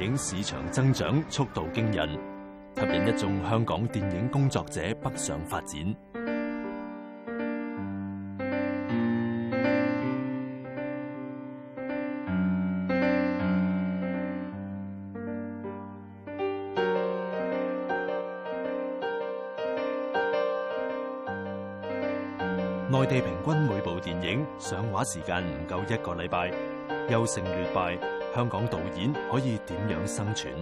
影市場增長速度驚人，吸引一眾香港電影工作者北上發展。內地平均每部電影上畫時間唔夠一個禮拜，優勝劣敗。香港導演可以點樣生存？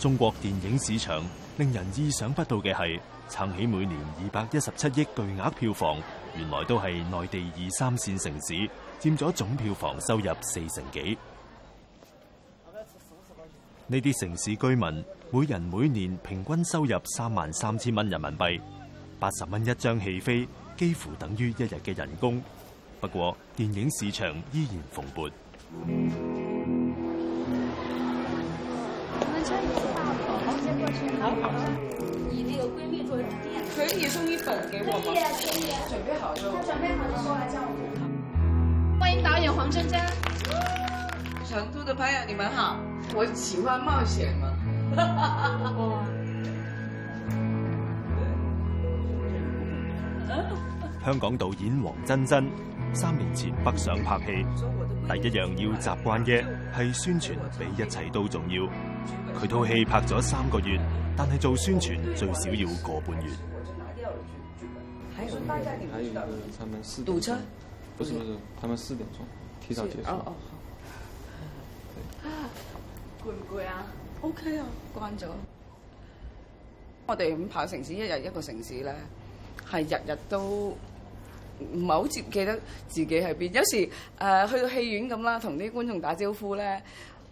中國電影市場令人意想不到嘅係，撐起每年二百一十七億巨額票房，原來都係內地二三線城市佔咗總票房收入四成幾。呢啲城市居民每人每年平均收入三萬三千蚊人民幣，八十蚊一張戲飛，幾乎等於一日嘅人工。不過電影市場依然蓬勃、啊人。可以送一本給我嗎？可以可以。準備好了，準備好了，過來叫我們。歡迎導演黃真真。成都的朋友，你們好。啊好啊好啊我喜歡冒險嗎？ 香港導演黃真真三年前北上拍戲，第一樣要習慣嘅係宣傳比一切都重要。佢套戲拍咗三個月，但係做宣傳最少要個半月。還有，還有，堵車？不是不是，他們四點鐘提早結束。攰唔攰啊？OK 啊，okay, 慣咗。我哋咁跑的城市，一日一個城市咧，係日日都唔係好記記得自己喺邊。有時誒、呃、去到戲院咁啦，同啲觀眾打招呼咧，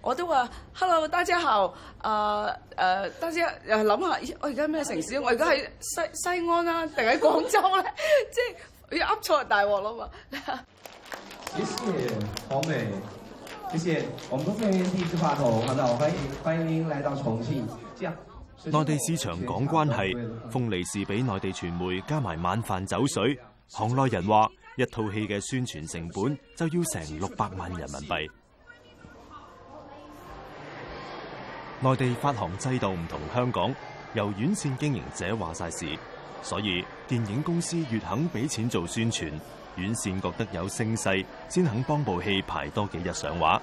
我都話：Hello，大家好，誒誒大家，又諗下我而家咩城市？我而家喺西西安啊，定喺廣州咧？即係 要噏錯就大鑊啦嘛！謝謝， yes, yeah, 好美。謝謝，我們公司用電視話筒，黃導歡迎歡迎您來到重慶。內地市場講關係，嗯、封利是俾內地傳媒加埋晚飯酒水，行內人話一套戲嘅宣傳成本就要成六百萬人民幣。內地發行制度唔同香港，由院線經營者話晒事，所以電影公司越肯俾錢做宣傳，院線覺得有聲勢，先肯幫部戲排多幾日上畫。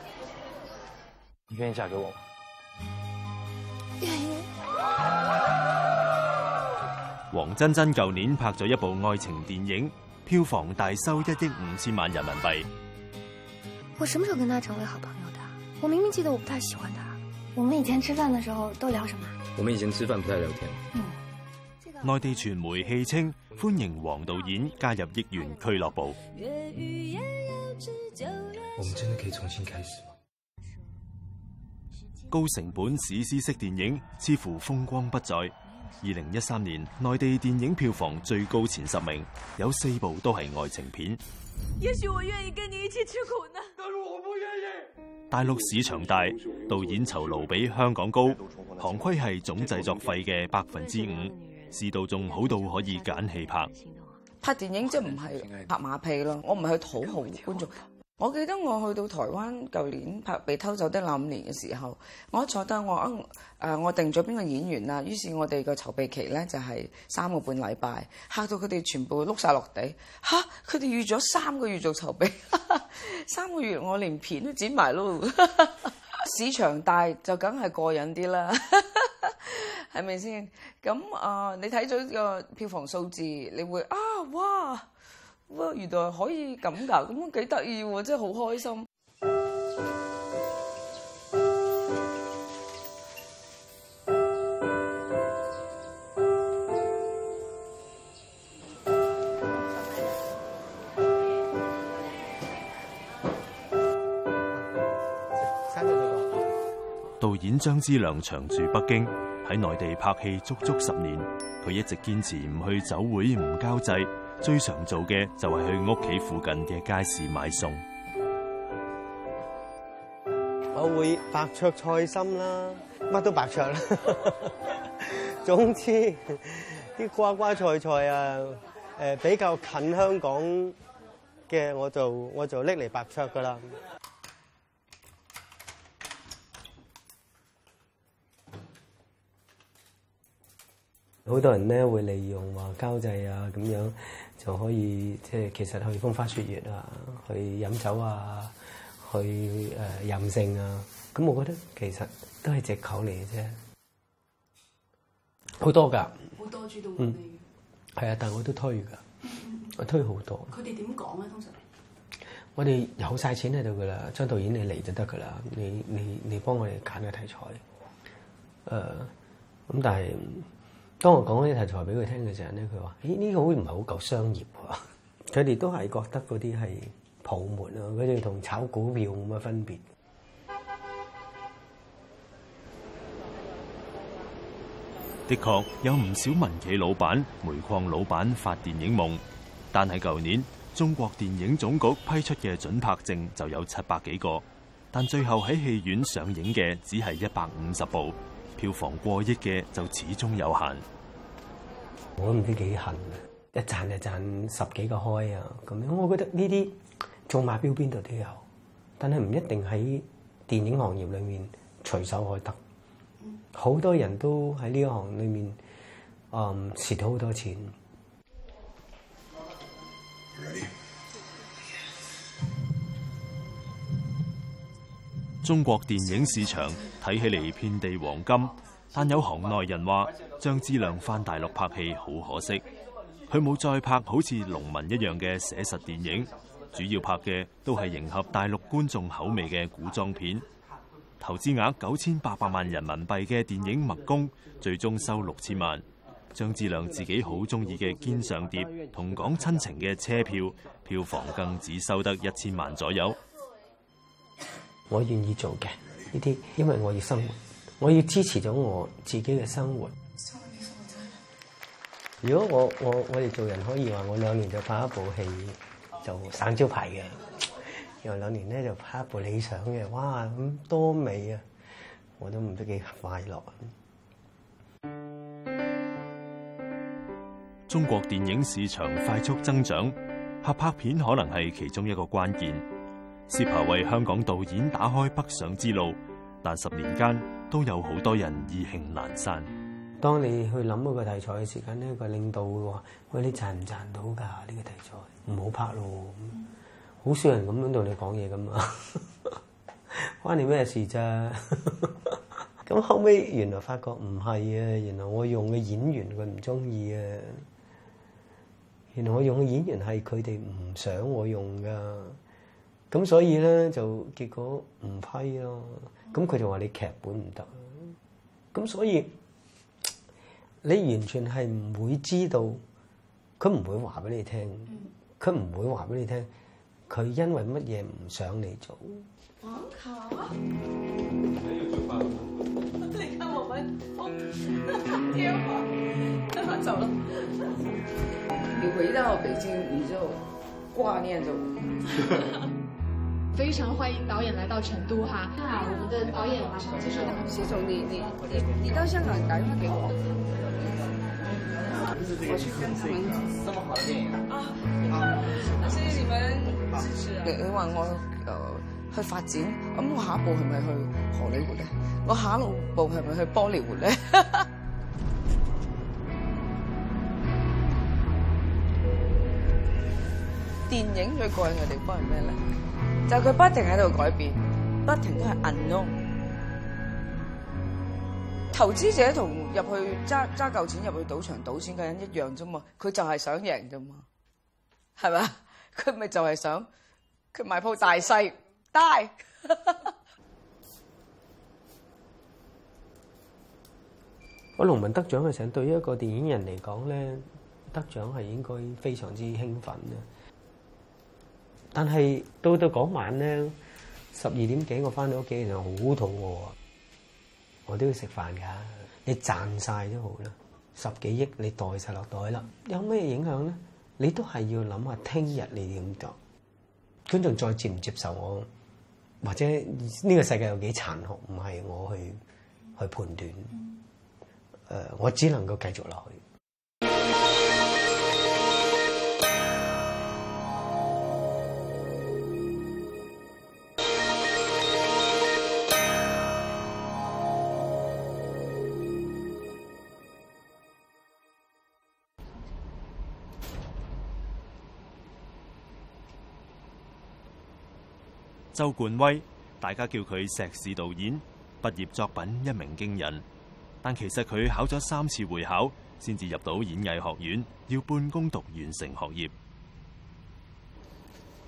你願意嫁給我？黃真真舊年拍咗一部愛情電影，票房大收一億五千萬人民幣。我什麼時候跟他成為好朋友的？我明明記得我不太喜歡他。我們以前吃飯的時候都聊什麼？我們以前吃飯不太聊天。嗯內地傳媒戲稱，歡迎黃導演加入億元俱樂部。高成本史詩式電影似乎風光不再。二零一三年內地電影票房最高前十名有四部都係愛情片。也許我願意跟你一起吃苦呢，但我不願意。大陸市場大，導演酬勞比香港高，行規係總製作費嘅百分之五。市道仲好到可以揀戲拍，拍電影即係唔係拍馬屁咯？我唔係去討好觀眾。我記得我去到台灣舊年拍被偷走的那五年嘅時候，我一坐低我啊，我定咗邊個演員啊？於是我哋個籌備期咧就係三個半禮拜，嚇到佢哋全部碌晒落地。嚇！佢哋預咗三個月做籌備，三個月我連片都剪埋咯。市場大就梗係過癮啲啦，係咪先？咁啊、呃，你睇咗個票房數字，你會啊哇，哇！原來可以咁噶，咁幾得意喎，真係好開心。張之亮長住北京喺內地拍戲，足足十年，佢一直堅持唔去酒會，唔交際，最常做嘅就係去屋企附近嘅街市買餸。我會白灼菜心啦，乜都白灼啦。 總之啲瓜瓜菜菜啊，誒比較近香港嘅，我就我就拎嚟白灼噶啦。好多人咧會利用話交際啊咁樣，就可以即係其實去風花雪月啊，去飲酒啊，去、呃、任性啊。咁我覺得其實都係藉口嚟嘅啫。好多噶，好多主動嚟嘅。係、嗯、啊，但我都推噶，嗯嗯嗯我推好多。佢哋點講咧？通常我哋有晒錢喺度噶啦，張導演你嚟就得噶啦。你你你幫我哋揀個題材，誒、呃、咁，但係。當我講啲題材俾佢聽嘅時候呢，佢話：咦，呢個會唔係好夠商業。佢哋都係覺得嗰啲係泡沫咯，佢哋同炒股票冇乜分別。的確有唔少民企老闆、煤礦老闆發電影夢，但係舊年中國電影總局批出嘅準拍證就有七百幾個，但最後喺戲院上映嘅只係一百五十部。票房過億嘅就始終有限，我都唔知幾恨啊！一賺就賺十幾個開啊！咁樣，我覺得呢啲做馬標邊度都有，但係唔一定喺電影行業裏面隨手可得。好多人都喺呢行裏面蝕到好、呃、多錢。中國電影市場睇起嚟遍地黃金，但有行內人話：張之亮返大陸拍戲好可惜，佢冇再拍好似籠民一樣嘅寫實電影，主要拍嘅都係迎合大陸觀眾口味嘅古裝片。投資額九千八百萬人民幣嘅電影《墨攻》，最終收六千萬。張之亮自己好中意嘅《肩上蝶》，同講親情嘅《車票》，票房更只收得一千萬左右。我願意做嘅呢啲，因為我要生活，我要支持咗我自己嘅生活。如果我我我哋做人可以話，我兩年就拍一部戲就省招牌嘅，有兩年咧就拍一部理想嘅，哇咁多美啊！我都唔知幾快樂。中國電影市場快速增長，合拍片可能係其中一個關鍵。CEPA 為香港導演打開北上之路，但十年間都有好多人意興闌珊。當你去諗嗰個題材嘅時間呢、個領導會話：喂，你賺唔賺到噶？呢個題材唔好拍咯。好少人咁樣同你講嘢噶嘛， 關你咩事啫？咁 後尾原來發覺唔係啊，原來我用嘅演員佢唔中意啊，原來我用嘅演員係佢哋唔想我用噶。咁所以咧就結果唔批咯，咁佢就話你劇本唔得，咁所以你完全係唔會知道他不會，佢唔會話俾你聽，佢唔會話俾你聽，佢因為乜嘢唔想你做。王卡，沒有就放。你看我們、哦、 電話，電話走了。 你回到北京你就掛念着我。 非常歡迎導演來到成都哈！那我們的導演吧，謝總，謝總，你、嗯、你、嗯、你你到香港打電話給我，我去跟他們，這麼好的電影啊！謝謝你們支持。你話我呃去發展，咁、嗯、我下一步係咪去荷里活呢？我下一部係咪去玻璃活呢？ 電影最過癮嘅地方係咩咧？就佢不停喺度改變，不停都係摁咯。投資者同入去揸揸嚿錢入去賭場賭錢嘅人一樣啫嘛，佢就係想贏啫嘛，係咪？佢咪就係想佢買鋪大細大。我 農民得獎嘅時候，對於一個電影人嚟講咧，得獎係應該非常之興奮嘅。但係到呢到嗰晚咧，十二點幾我翻到屋企就好肚餓，我都要食飯㗎。你賺晒都好啦，十幾億你袋晒落袋啦，有咩影響咧？你都係要諗下聽日你點做。觀眾再接唔接受我，或者呢個世界有幾殘酷，唔係我去去判斷。誒、嗯呃，我只能夠繼續落去。周冠威，大家叫佢碩士導演，畢業作品一鳴驚人。但其實佢考咗三次會考，先至入到演藝學院，要半工讀完成學業。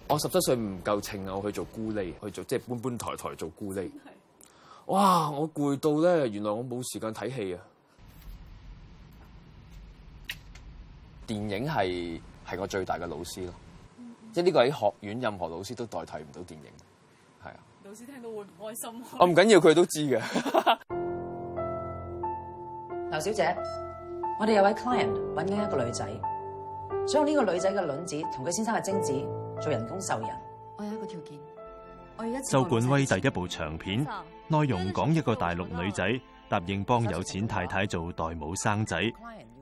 我十七歲唔夠秤啊，我去做咕喱，去做即係搬搬抬抬做咕喱。哇！我攰到咧，原來我冇時間睇戲啊。電影係係我最大嘅老師咯，即係呢個喺學院任何老師都代替唔到電影。只聽到會唔開心。我唔緊要，佢都知嘅。劉小姐，我哋有位 client 揾緊一個女仔，想用呢個女仔嘅卵子同佢先生嘅精子做人工受孕。我有一個條件，我要一。周冠威第一部長片，內、啊、容講一個大陸女仔，答應幫有錢太太做代母生仔，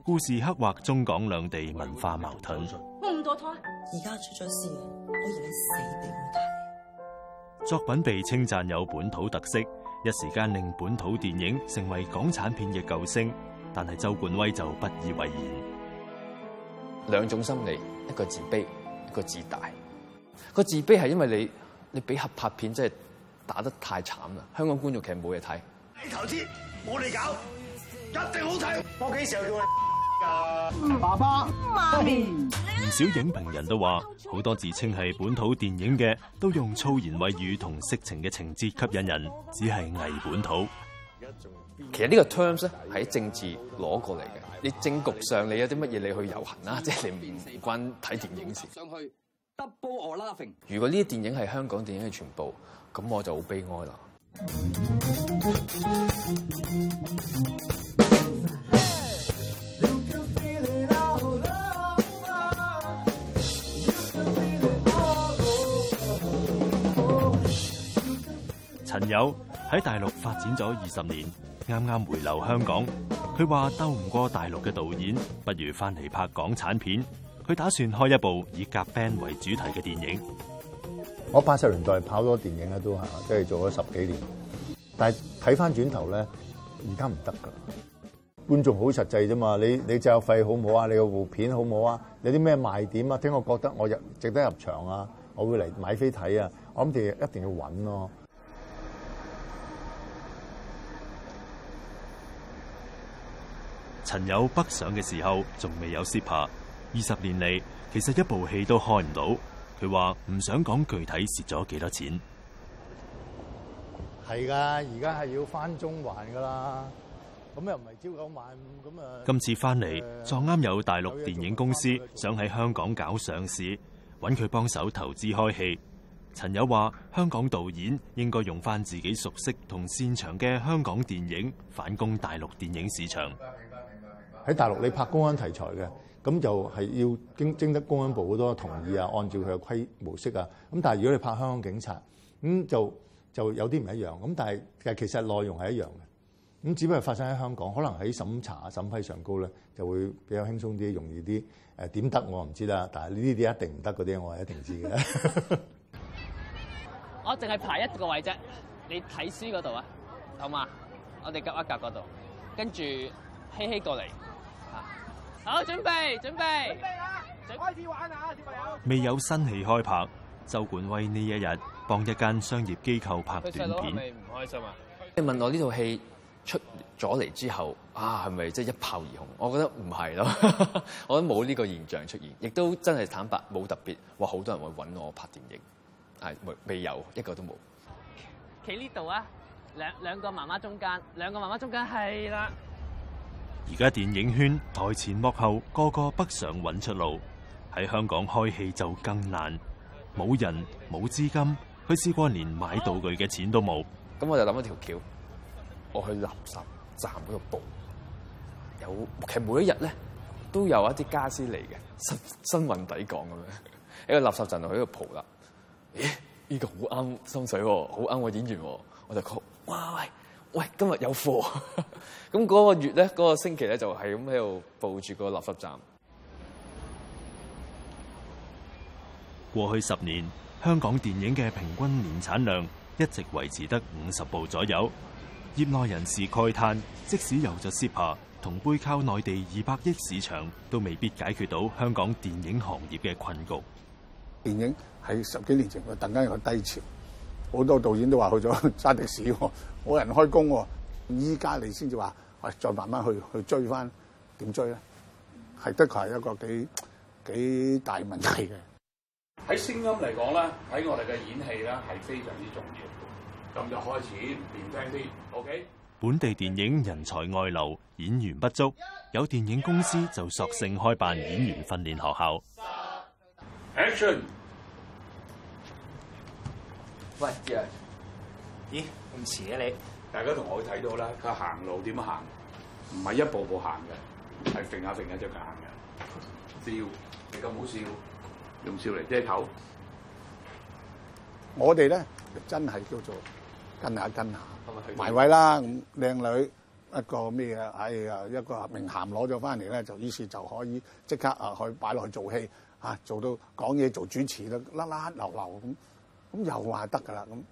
故事刻畫中港兩地文化矛盾。我唔多墮胎，而家出咗事，我以為你死俾我睇。作品被稱讚有本土特色，一時間令本土電影成為港產片嘅救星。但係周冠威就不以為然。兩種心理，一個自卑，一個自大。一個自卑係因為你你俾合拍片真係打得太慘啦，香港觀眾其實冇嘢睇。你投資，我哋搞，一定好睇。我幾時又叫你？爸爸，媽咪。唔少影評人都話，好多自稱係本土電影嘅，都用粗言穢語同色情嘅情節吸引人，只係偽本土。其實呢個 terms 咧喺政治攞過嚟嘅，你政局上你有啲乜嘢你去遊行啦，即係你唔關睇電影上去 double or laughing，如果呢啲電影係香港電影嘅全部，咁我就好悲哀啦。朋友喺大陸發展咗二十年，啱啱回流香港。佢話鬥唔過大陸嘅導演，不如翻嚟拍港產片。佢打算開一部以夾 band 為主題嘅電影。我八十年代跑咗電影咧，都係即係做咗十幾年。但係睇翻轉頭咧，而家唔得噶。觀眾好實際啫嘛，你你入費好唔好啊？你嗰部片好唔好啊？你有啲咩賣點啊？聽我覺得我入值得入場啊，我會嚟買飛睇啊。我諗哋一定要穩咯。陳友北上嘅時候仲未有蝕拍，二十年嚟其實一部戲都開唔到。佢話唔想講具體蝕咗幾多錢。係噶，而家係要翻中環噶啦，咁又唔係朝九晚五咁啊。今次翻嚟撞啱有大陸電影公司想喺香港搞上市，搵佢幫手投資開戲。陳友話：香港導演應該用翻自己熟悉同擅長嘅香港電影反攻大陸電影市場。喺大陸你拍公安題材嘅，咁就係要經徵得公安部好多同意啊，按照佢嘅規模式啊。咁但係如果你拍香港警察，咁就就有啲唔一樣。咁但係其實內容係一樣嘅。咁只不過發生喺香港，可能喺審查審批上高咧就會比較輕鬆啲，容易啲。誒點得我唔知啦，但係呢啲一定唔得嗰啲我係一定知嘅。 我淨係排一個位啫，你睇書嗰度啊，好嘛？我哋夾一夾嗰度，跟住希希過嚟。好，準備準備，準備啊！備就開始玩啊，小朋友。未有新戲開拍，周冠威呢一日幫一間商業機構拍短片。佢細佬係咪唔開心啊？你問我呢套戲出咗嚟之後，啊係咪即係一炮而紅？我覺得唔係咯， 我冇呢個現象出現，亦都真係坦白冇特別。哇，好多人會搵我拍電影，係未有一個都冇。企呢度啊，兩兩個媽媽中間，兩個媽媽中間係啦。是而家電影圈台前幕後個個北上揾出路，喺香港開戲就更難，冇人冇資金，佢試過連買道具嘅錢都冇。咁我就諗一條橋，我去垃圾站嗰度蒲。有其實每一日咧都有一啲家私嚟嘅，新新運抵港咁樣，一個垃圾站就喺度蒲啦。咦？呢個好啱心水喎，好啱我演員喎，我就講：哇喂！喂，今日有貨。咁 嗰個月咧，嗰、嗰個星期咧，就係咁喺度報住個垃圾站。過去十年，香港電影嘅平均年產量一直維持得五十部左右。業內人士慨嘆，即使有咗 CEPA，同背靠內地二百億市場，都未必解決到香港電影行業嘅困局。電影喺十幾年前，我突然間有個低潮。好多導演都話去咗揸的士，冇人開工。依家你先至話，喂，再慢慢去去追翻，點追咧？係的確係一個幾幾大問題嘅。喺聲音嚟講咧，喺我哋嘅演戲咧係非常之重要。咁就開始變聲啲。OK，本地電影人才外流，演員不足，有電影公司就索性開辦演員訓練學校。喂這樣，咦？咁遲啊你？大家同我會睇到啦，佢行路點樣行？唔係一步步行嘅，係揈下揈下隻腳行嘅。笑，你咁好笑，用笑嚟遮頭。我哋咧，真係叫做跟下跟下，埋位啦。咁靚女一個咩啊？哎呀，一個名銜攞咗翻嚟咧，就於是就可以即刻啊去擺落去做戲啊，做到講嘢做主持啦，甩甩流流咁。咁又話得㗎喇咁。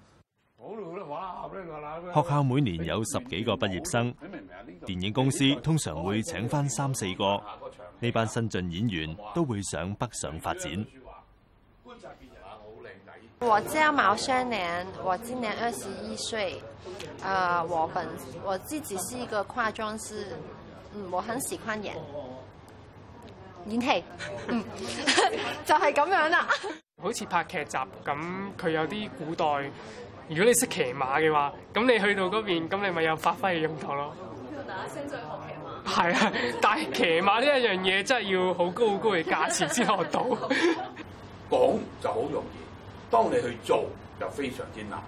學校每年有十幾個畢業生，電影公司通常會請翻三四個。呢班新晉演員都會上北上發展。和張茂商量，我今年二十一歲，呃，我本我自己是一個化妝師，嗯，我很喜歡演演戲，嗯，就係咁樣啦。好似拍劇集咁，佢有啲古代。如果你識騎馬嘅話，咁你去到嗰邊，咁你咪有發揮嘅用途咯。大家先學騎馬。係啊，但係騎馬呢一樣嘢真係要好高好高嘅價錢先學到。講 就好容易，當你去做就非常艱難。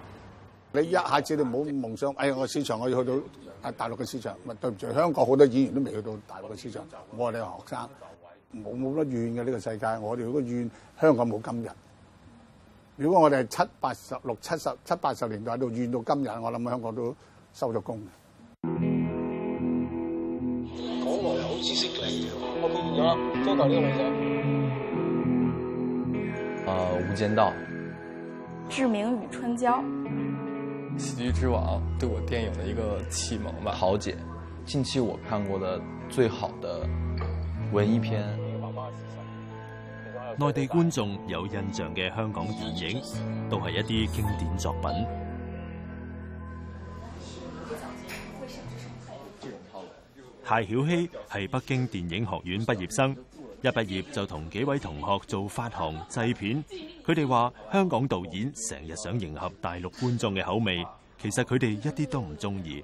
你一下子你唔好夢想，哎呀我市場我要去到啊大陸嘅市場，唔係對唔住，香港好多演員都未去到大陸嘅市場。我哋學生冇冇得怨嘅呢個世界，我哋如果怨香港冇今日。如果我哋係七八十六七十七八十年代喺遇到今日，我諗香港都收咗工。港又好知識嘅，我見咗啦，交代呢個女仔。啊，《無間道》。志明與春嬌。《喜劇之王》對我電影嘅一個啟蒙吧。桃姐，近期我看過嘅最好的文藝片。內地觀眾有印象嘅香港電影，都係一啲經典作品。謝曉希係北京電影學院畢業生，一畢業就同幾位同學做發行製片。佢哋話：香港導演成日想迎合大陸觀眾嘅口味，其實佢哋一啲都唔中意。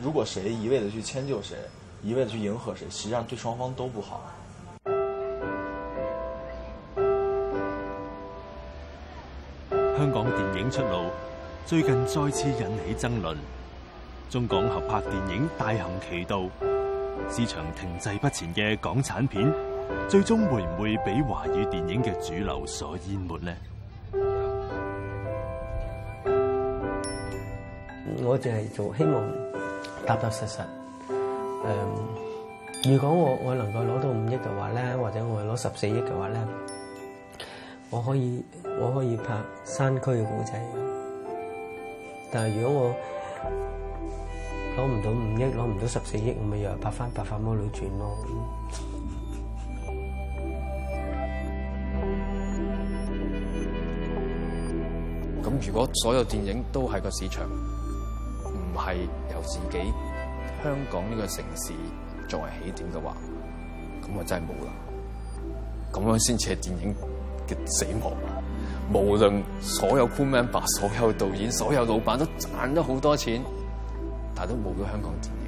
如果誰一味的去遷就誰，一味的去迎合誰，實際上對雙方都不好啊。香港電影出路最近再次引起爭論，中港合拍電影大行其道，市場停滯不前嘅港產片，最終會唔會被華語電影嘅主流所淹沒呢？我就係做希望。踏踏實實。誒、嗯，如果我我能夠攞到五億嘅話咧，或者我攞十四億嘅話咧，我可以我可以拍山區嘅古仔。但係如果我攞唔到五億，攞唔到十四億，咪又拍翻《白髮魔女傳》咯、嗯。咁如果所有電影都係個市場，係由自己香港呢個城市作為起點嘅話，咁啊，真係冇啦！咁樣先至係電影嘅死亡。無論所有 crew man、所有導演、所有老闆都賺咗好多錢，但係都冇咗香港電影。